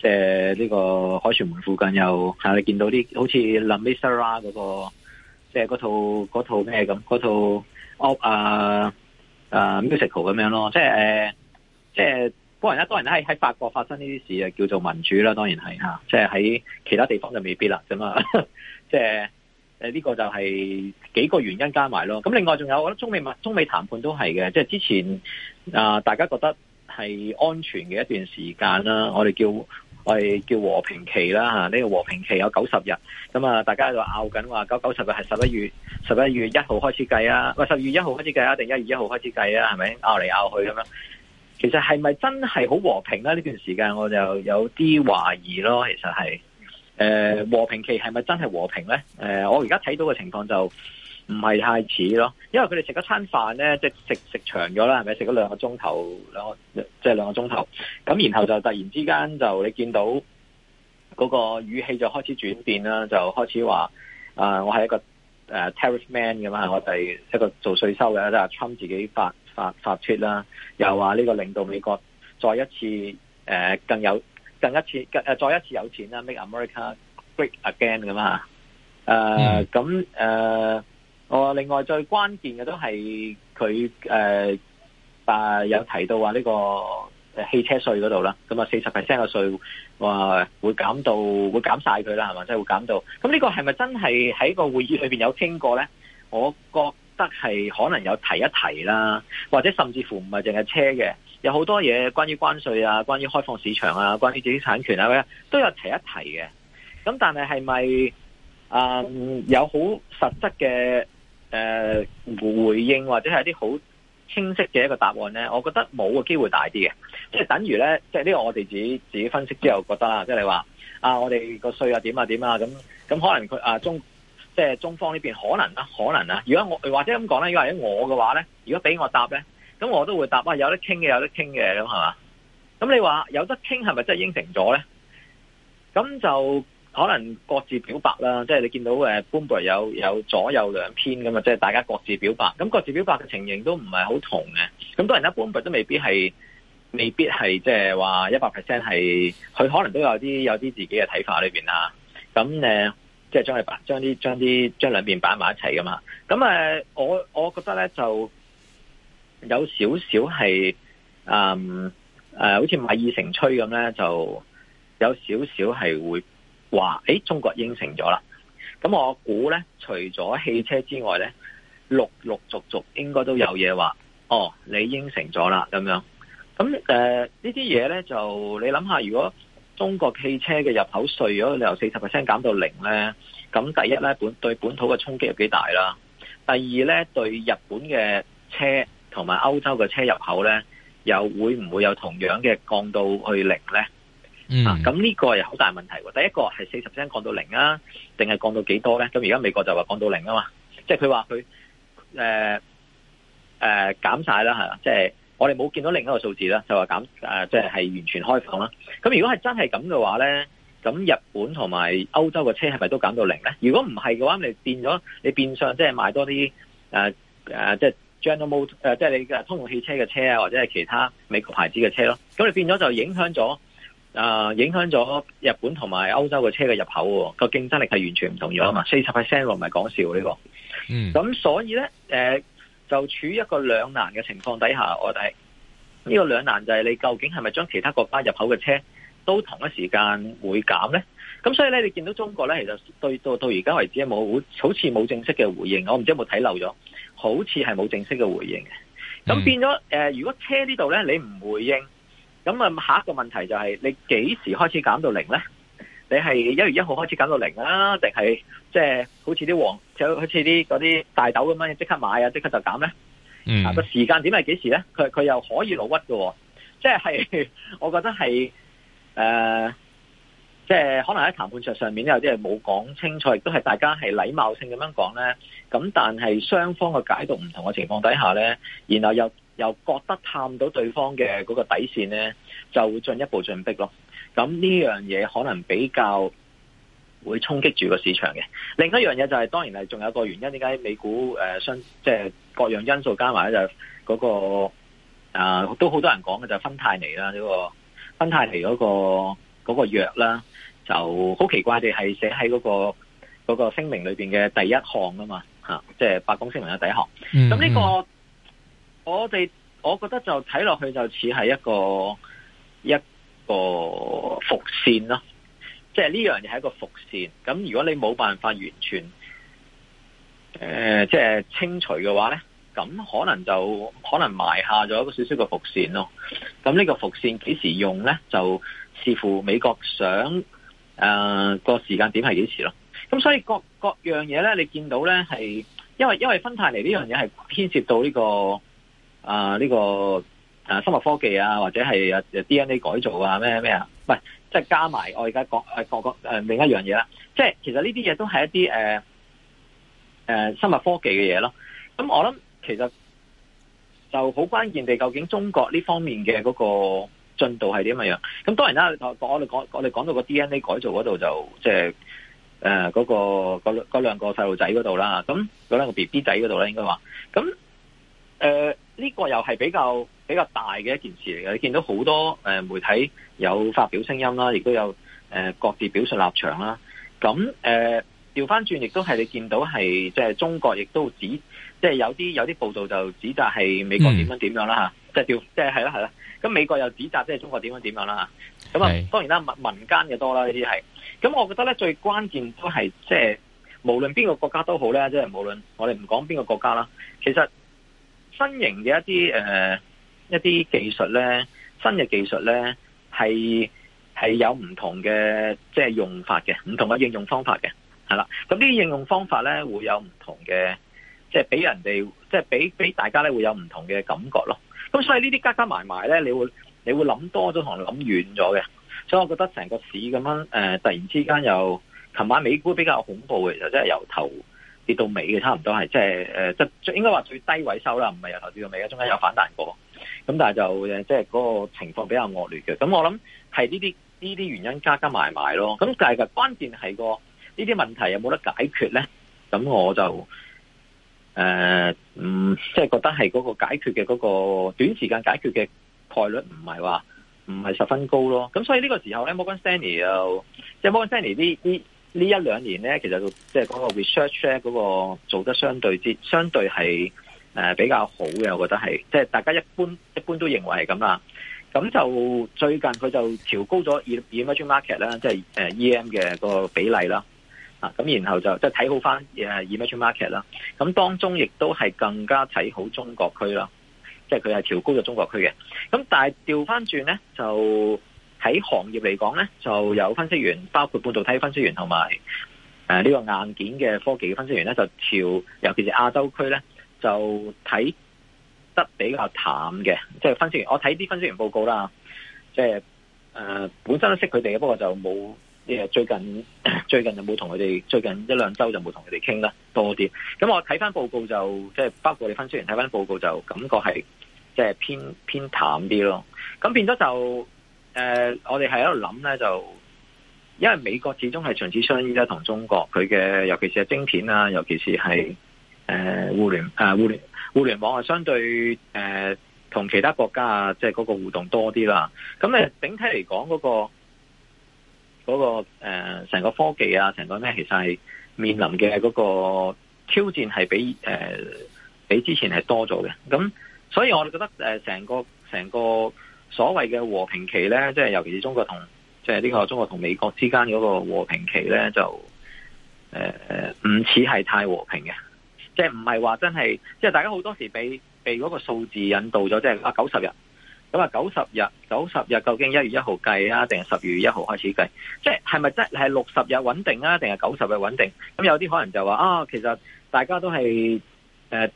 即係呢個凱旋門附近又、啊、你見到啲好似《Les Mis》嗰個，即係嗰套嗰套咩咁，嗰套哦啊啊,啊 musical 咁樣咯。即係誒，即係當然啦，當然喺喺法國發生呢啲事啊，叫做民主啦，當然係吓。即係喺其他地方就未必啦，咁、 就是、啊，即係誒呢個就係幾個原因加埋咯。咁另外仲有，我覺得中美美中美談判都係嘅，即、就、係、是、之前啊，大家覺得。係安全嘅一段時間啦，我哋叫我哋叫和平期啦吓，呢個和平期有九十日，咁啊，大家喺度拗緊話九九十日係十一月，十一月一號開始計啊，或十月一號開始計啊，定一月一號開始計啊，係咪拗嚟拗去咁樣？其實係咪真係好和平咧？呢段時間我就有啲懷疑咯，其實係，誒和平期係咪真係和平咧？誒，我而家睇到嘅情況就。唔係太似咯，因為佢哋食一餐飯咧，即係食食長咗啦，係咪？食咗兩個鐘頭，兩個即係、就是、兩個鐘頭。咁然後就突然之間就你見到嗰個語氣就開始轉變啦，就開始話，啊、呃，我係一個誒、呃、tariff man 㗎嘛，我係一個做稅收嘅，就係貪自己發發發出啦。又話呢個令到美國再一次誒、呃、更有更一次、呃，再一次有錢啦，make America great again 㗎嘛。誒咁誒。嗯我、哦、另外最關鍵嘅都係佢，誒，有提到話呢個汽車稅嗰度啦，咁啊四十 percent 嘅稅話會減到會減晒佢啦，係嘛，即係會減到。咁呢、就是、個係咪真係喺個會議裏邊有傾過咧？我覺得係可能有提一提啦，或者甚至乎唔係淨係車嘅，有好多嘢關於關稅啊，關於開放市場啊，關於自己產權啊，都有提一提嘅。咁但係係咪誒有好實質嘅？誒，回應或者係一啲好清晰嘅一個答案咧，我覺得冇嘅機會大啲嘅，即係等於咧，即係呢個我哋自己自己分析之後覺得啦，即係你話啊，我哋個稅啊點啊點啊咁，咁可能佢啊中即係中方呢邊可能啊，可能啊，如果我或者咁講咧，如果係我嘅話咧，如果俾我答咧，咁我都會答啊，有得傾嘅，有得傾嘅，咁係嘛，咁你話有得傾係咪真係應承咗咧？咁就。可能各自表白啦，即係你見到誒 Bloomberg 有有左右兩篇咁嘛，即係大家各自表白，咁各自表白嘅情形都唔係好同嘅。咁當然啦，Bloomberg 都未必係未必係即係話一百 percent 係佢可能都有啲有啲自己嘅睇法裏邊啊。咁誒即係將佢擺，將啲將啲將兩邊擺埋一齊噶嘛。咁誒我我覺得咧就有少少係誒誒好似唔係爾城吹咁咧，就有少少係、嗯呃、會。話誒，中國應承咗啦，咁我估咧，除咗汽車之外咧，陸陸續續應該都有嘢話，哦，你應承咗啦，咁樣，咁誒、呃、呢啲嘢咧就你諗下，如果中國汽車嘅入口稅如果你由四十個 percent 減到零咧，咁第一咧本對本土嘅衝擊有幾大啦，第二咧對日本嘅車同埋歐洲嘅車入口咧，又會唔會有同樣嘅降到去零咧？嗯，咁、啊、呢個又好大問題喎、啊。第一個係四十 percent 降到零啊，定係降到幾多咧？咁而家美國就話降到零啊嘛，即係佢話佢誒誒減曬啦係啦，即係我哋冇見到另一個數字啦，就話減即係係完全開放啦。咁如果係真係咁嘅話咧，咁日本同埋歐洲嘅車係咪都減到零咧？如果唔係嘅話，你變咗你變相即係買多啲誒即係 General Motor、呃、即係、就是、你嘅通用汽車嘅車啊，或者係其他美國牌子嘅車咯。咁你變咗就影響咗。誒、啊，影響咗日本同埋歐洲嘅車嘅入口，個競爭力係完全唔同咗、嗯、啊！嘛，四十 percent 唔係講笑呢、呢個，咁、嗯、所以咧，誒、呃，就處於一個兩難嘅情況底下，我哋呢、呢個兩難就係你究竟係咪將其他國家入口嘅車都同一時間會減咧？咁所以咧，你見到中國咧，其實對到到而家為止係冇好似冇正式嘅回應，我唔知有冇睇漏咗，好似係冇正式嘅回應嘅。咁變咗，誒、嗯呃，如果車這裡呢度咧，你唔回應。咁啊，下一個問題就係、是、你幾時開始減到零咧？你係一月一號開始減到零啦，定係即係好似啲黃，就好似啲嗰啲大豆咁樣，即刻買啊，即刻就減咧？嗯，個時間點係幾時咧？佢佢又可以老屈喎、哦。即、就、係、是，我覺得係誒，即、呃、係、就是、可能喺談判桌上面有啲係冇講清楚，亦都係大家係禮貌性咁樣講咧。咁但係雙方嘅解讀唔同嘅情況底下咧，然後又。又覺得探到對方嘅嗰個底線咧，就會進一步進逼咯。咁呢樣嘢可能比較會衝擊住個市場嘅。另一樣嘢就係、是、當然係仲有一個原因，點解美股誒、呃、相即係、就是、各樣因素加埋咧，就嗰、是那個、呃、都好多人講嘅就芬太尼啦，呢、那個芬太尼嗰、那個嗰、那個、藥啦，就好奇怪地係寫喺嗰、那個嗰、那個、聲明裏邊嘅第一項啊嘛嚇，即、就、係、是、白宮聲明嘅第一項。咁呢、這個。嗯嗯。我哋我覺得就睇落去就似係一個一個伏線咯，即係呢樣嘢係一個伏線。咁如果你冇辦法完全誒，即係清除嘅話咧，咁可能就可能埋下咗一個少少個伏線咯。咁呢個伏線幾時用咧，就視乎美國想誒、呃、個時間點係幾時咯。咁所以各各樣嘢咧，你見到咧係因為因為芬太尼呢樣嘢係牽涉到呢、這個。啊！呢、這個啊，生物科技啊，或者係啊，D N A 改造啊，咩咩啊，唔、啊、係，即係加埋我而家講誒，個、啊、誒，另一樣嘢啦，即係其實呢啲嘢都係一啲誒誒，生物科技嘅嘢咯。咁我諗其實就好關鍵地，究竟中國呢方面嘅嗰個進度係點樣樣？咁當然啦，我哋講我哋講到個 D N A 改造嗰度就即係誒嗰個嗰嗰兩個細路仔嗰度啦，咁嗰兩個 B B 仔嗰度咧，應該話咁誒。呃呢、這個又係比較比較大嘅一件事嚟嘅，你見到好多、呃、媒體有發表聲音啦，亦都有誒、呃、各自表述立場啦。咁誒調翻轉，亦、呃、都係你見到係即係中國亦都指，即、就、係、是、有啲有啲報道就指責係美國點樣點樣啦嚇，即係調即係係啦係啦。咁、嗯啊就是啊、美國又指責即係中國點樣點樣啦嚇。咁啊，啊當然啦，民間嘅多啦呢啲係。咁、啊啊、我覺得咧，最關鍵都係即係無論邊個國家都好咧，即、就、係、是、無論我哋唔講邊個國家啦，其實。新型嘅一啲誒、呃、一啲技術咧，新嘅技術咧係係有唔同嘅即係用法嘅，唔同嘅應用方法嘅，係啦。咁呢啲應用方法咧會有唔同嘅，即係俾人哋，即係俾俾大家咧會有唔同嘅感覺咯。咁所以些呢啲加加埋埋咧，你會你會諗多咗同你諗遠咗嘅。所以我覺得成個市咁樣誒、呃，突然之間又琴晚美股比較恐怖嘅，就真、是、係由頭。跌到尾嘅，差唔多係，即係誒，即係應該話最低位收啦，唔係由頭跌到尾嘅，中間有反彈過，咁但係就誒，即係嗰個情況比較惡劣嘅。咁我諗係呢啲呢啲原因加加埋埋咯。咁但係嘅關鍵係個呢啲問題有冇得解決咧？咁我就誒、呃，嗯，即係覺得係嗰個解決嘅嗰個短時間解決嘅概率唔係話唔係十分高咯。咁所以呢個時候咧 Morgan Stanley 又即係 Morgan Stanley 啲啲。呢一兩年咧，其實即係嗰個 research 咧，嗰個做得相對之，相對係誒比較好嘅，我覺得係，即係大家一般一般都認為係咁啦。咁就最近佢就調高咗 EM market 啦，即係誒 em 嘅個比例啦。啊，咁然後就即係睇好翻誒 EM market 啦。咁當中亦都係更加睇好中國區啦，即係佢係調高咗中國區嘅。咁但係調翻轉咧就。喺行業嚟講咧，就有分析員，包括半導體分析員同埋誒呢個硬件嘅科技嘅分析員咧，就調尤其是亞洲區咧，就睇得比較淡嘅。即係分析員，我睇啲分析員報告啦，即係誒本身都識佢哋嘅，不過就冇即係最近最近就冇同佢哋最近一兩周就冇同佢哋傾啦多啲。咁我睇翻報告就即係包括我哋分析員睇翻報告就感覺係即係偏偏淡啲咯。咁變咗就。誒、呃，我哋係喺度諗咧，就因為美國始終係長此相依咧，同中國佢嘅，尤其是係晶片啊，尤其是係誒、呃、互聯誒、呃、互聯互聯網啊，相對誒同、呃、其他國家啊，即係嗰個互動多啲啦。咁你整體嚟講，嗰、嗰個嗰、嗰個誒成、呃、個科技啊，成個咩？其實係面臨嘅嗰個挑戰係比誒、呃、比之前係多咗嘅。咁所以我哋覺得誒成個成個。所謂嘅和平期呢，即係尤其是中國同即係呢個中國同美國之間嗰個和平期呢，就誒唔似係太和平嘅，即係唔係話真係，即係大家好多時被被嗰個數字引導咗，即係啊九十日，咁啊九十日，九十日究竟一月一號計啊，定係十二月一號開始計？即係係咪真係六十日穩定啊，定係九十日穩定？咁有啲可能就話啊，哦，其實大家都係誒。呃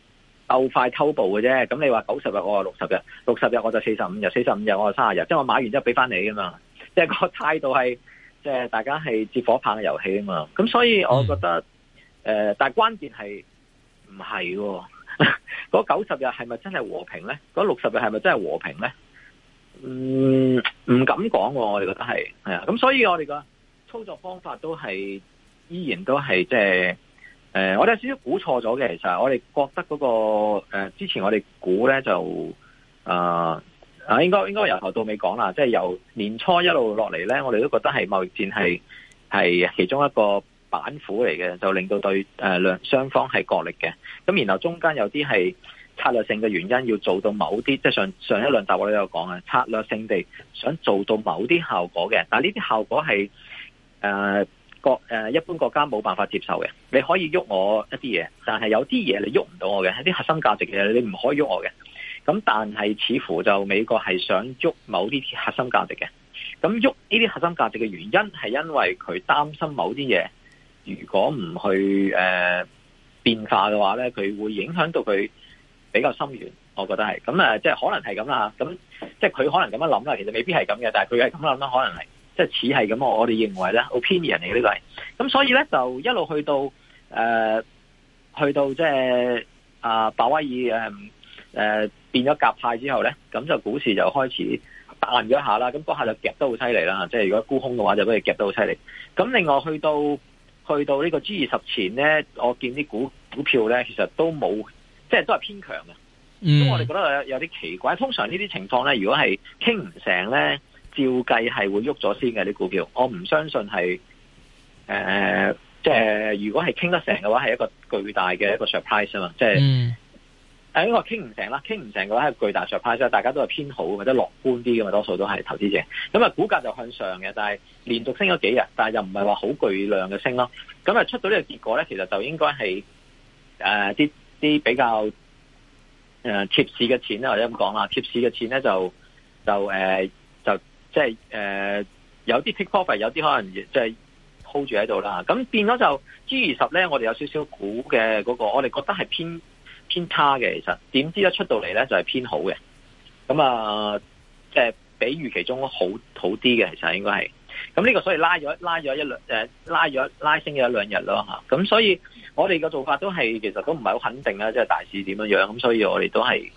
鬥快偷步嘅啫，咁你話九十日我話六十日，六十日我就四十五日，四十五日我就三十日，即係我買完之後俾翻你噶嘛，即係個態度係，即係大家係接火棒嘅遊戲啊嘛，咁所以我覺得，誒，但係關鍵係唔係，嗰九十日係咪真係和平咧？嗰六十日係咪真係和平咧？嗯，唔敢講喎，我哋覺得係，係啊，咁所以我哋個操作方法都係，依然都係即係。誒、呃，我哋有少少估錯咗嘅，其實我哋覺得嗰、那個誒、呃，之前我哋估咧就啊啊、呃，應該應該由頭到尾講啦，即、就、係、是、由年初一路落嚟咧，我哋都覺得係貿易戰係係其中一個板斧嚟嘅，就令到對誒兩雙方係角力嘅。咁然後中間有啲係策略性嘅原因，要做到某啲，即、就、係、是、上上一兩集我都有講啊，策略性地想做到某啲效果嘅，但係呢啲效果係誒。呃國誒，一般國家冇辦法接受嘅。你可以喐我一啲嘢，但係有啲嘢你喐唔到我嘅，係啲核心價值嘅，你唔可以喐我嘅。咁但係似乎就美國係想喐某啲核心價值嘅。咁喐呢啲核心價值嘅原因係因為佢擔心某啲嘢，如果唔去誒、呃、變化嘅話咧，佢會影響到佢比較深遠。我覺得係咁啊，即係、就是、可能係咁啦。咁即係佢可能咁樣諗啦，其實未必係咁嘅，但係佢係咁諗啦，可能係。即似係咁，我我哋認為咧，opinion 嚟嘅呢個係，咁所以咧就一路去到誒、呃，去到即、就、係、是、啊，鮑威爾誒誒變咗鴿派之後咧，咁就股市就開始打彈咗下啦，咁嗰下就夾得好犀利啦，即係如果沽空嘅話就俾佢夾得好犀利。咁另外去到去到這個 G20 前呢個 G 二十前咧，我見啲股股票咧其實都冇，即係都係偏強嘅。咁我哋覺得有有啲奇怪，通常況呢啲情況咧，如果係傾唔成咧。照計係會喐咗先嘅啲、這個、股票，我唔相信係誒，即、呃、係、呃、如果係傾得成嘅話，係一個巨大嘅一個 surprise、就是嗯、啊嘛！即係誒，因為傾唔成啦，傾唔成嘅話係巨大 surprise，大家都係偏好或者樂觀啲嘅嘛，多數都係投資者。咁、嗯、啊，股價就向上嘅，但係連續升咗幾日，但係又唔係話好巨量嘅升咯。咁、嗯、啊，出到呢個結果咧，其實就應該係誒，啲、呃、啲比較誒貼、呃、市嘅錢咧，或者咁講啦，貼市嘅錢咧就就誒。呃即係誒，有啲 take profit，有啲可能即係 hold 住喺度啦。咁變咗就 G 二十咧，我哋有少少估嘅嗰、嗰個，我哋覺得係偏偏差嘅。其實點知一出到嚟咧，就係偏好嘅。咁啊，即係比預期中好好啲嘅，其實應該係。咁呢個所以拉咗拉咗一兩誒，拉咗拉，拉，拉，拉，拉升咗一兩日咯吓。咁所以我哋嘅做法都係其實都唔係好肯定啦，即、就、係、係、大市點樣樣。咁所以我哋都係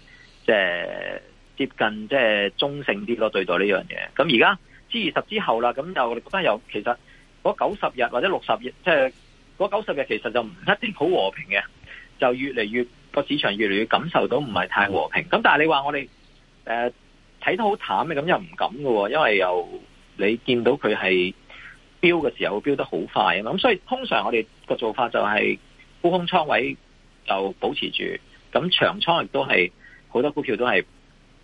即係。接近即係中性啲咯，對待呢樣嘢。咁而家之二十之後啦，咁就我哋覺得又其實嗰九十日或者六十日，即係嗰九十日其實就唔一定好和平嘅，就越嚟越個市場越嚟越感受到唔係太和平。咁但係你話我哋誒睇得好淡嘅，咁又唔敢噶，因為又你見到佢係飆嘅時候，飆得好快啊嘛。咁所以通常我哋個做法就係沽空倉位就保持住，咁長倉亦都係好多股票都係。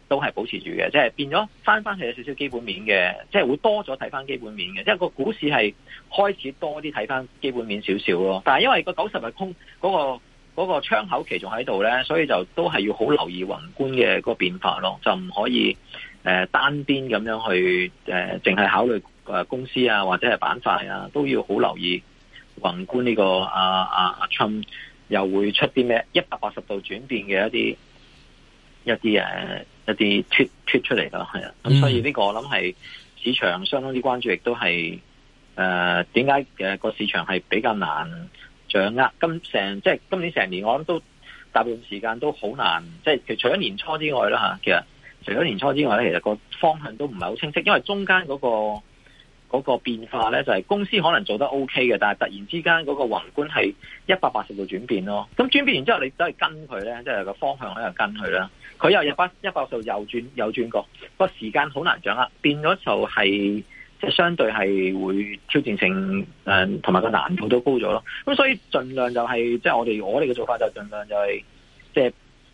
都係保持住嘅，即係變咗翻翻去有少少基本面嘅，即係會多咗睇翻基本面嘅，即係個股市係開始多啲睇翻基本面少少咯。但係因為個九十日空嗰、那個嗰、那個窗口期仲喺度咧，所以就都係要好留意宏觀嘅個變化咯，就唔可以單邊咁樣去誒，淨、呃、係考慮公司啊或者係板塊啊，都要好留意宏觀呢個啊啊特朗普、啊、又會出啲咩一百八十度轉變嘅一啲一啲誒。一啲脫脫出嚟咯，係啊，咁、mm. 所以呢個我諗係市場相當之關注，亦都係誒點解誒個市場係比較難掌握？今成即係今年成年我，我諗都大部分時間都好難，即係其除咗年初之外啦吓，其實除咗年初之外咧，其實個方向都唔係好清晰，因為中間嗰個。嗰、那個變化咧，就係、是、公司可能做得 OK 嘅，但係突然之間嗰個宏觀係一百八十度轉變咯。咁轉變完之後你是，你都係跟佢咧，即係個方向喺度跟佢啦。佢又一百一百度右轉右轉角，那個時間好難掌握，變咗就係即係相對係會挑戰性誒，同、嗯、埋個難度都高咗咯。咁所以儘量就係即係我哋我哋嘅做法就係儘量就係即係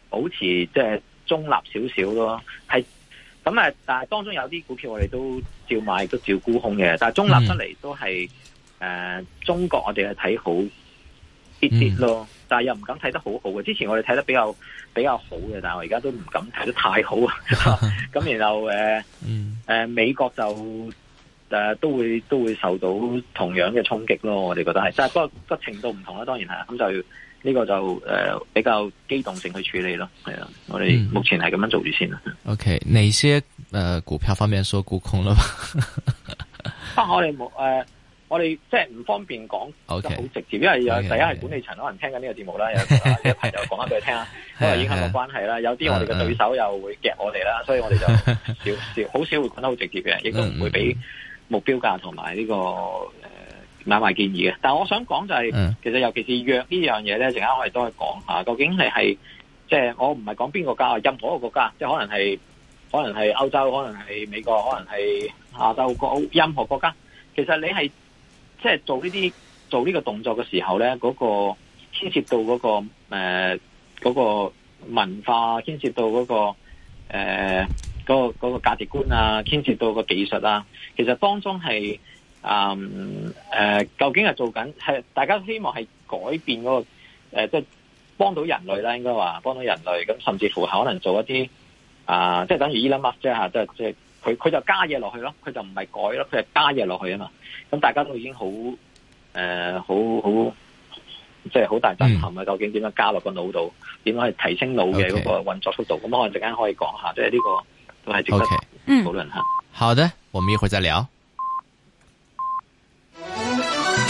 保持即係、就是、中立少少咯，咁啊，但係當中有啲股票我哋都照買，都照沽空嘅。但係中立出嚟都係，誒、嗯呃、中國我哋係睇好啲啲咯，嗯、但係又唔敢睇得好好嘅。之前我哋睇得比較比較好嘅，但係我而家都唔敢睇得太好啊。咁 然後誒誒、呃嗯呃、美國就誒、呃、都會都會受到同樣嘅衝擊咯。我哋覺得係，但係不過個程度唔同啦，當然係咁就。呢、這個就誒、呃、比較機動性去處理咯，係啊、嗯，我哋目前係咁樣做住先啦。O、okay, K，哪些誒、呃、股票方面說沽空啦？不過我哋冇誒，我哋即係唔方便講好、okay, 直接，因為有 okay, 第一係、okay, 管理層可能聽緊呢個節目啦，okay, 有，okay. 有朋友就講一俾佢聽啊，因為影響個關係啦。 有啲我哋嘅對手又會夾我哋啦，所以我哋就少少好 少會講得好直接嘅，亦都唔會俾目標價同埋呢個。買賣建議嘅，但係我想講就係，其實尤其是約呢樣嘢咧，陣間我哋都去講吓，究竟你係即係我唔係講邊個國家，任何一個國家，即係可能係可能係歐洲，可能係美國，可能係亞洲國，任何國家，其實你係即係做呢啲做呢個動作嘅時候咧，嗰個牽涉到嗰個誒嗰個文化，牽涉到嗰個誒嗰個嗰個價值觀啊，牽涉到個技術啊，其實當中係。嗯，誒，究竟係做緊係？大家希望係改變嗰、那個誒，即係幫到人類啦，應該話幫到人類。咁、嗯、甚至乎可能做一啲啊，即、呃、係、就是、等於 Elon Musk 係即係佢佢就加嘢落去咯，佢就唔係改他是咯，佢係加嘢落去啊嘛。咁大家都已經好誒，好好即係好大震撼啊！究竟點樣加落個腦度？點樣去提升腦嘅嗰個運作速度？咁我陣間可以講下，即係呢個都係值得討論下。好的，我們一會再聊。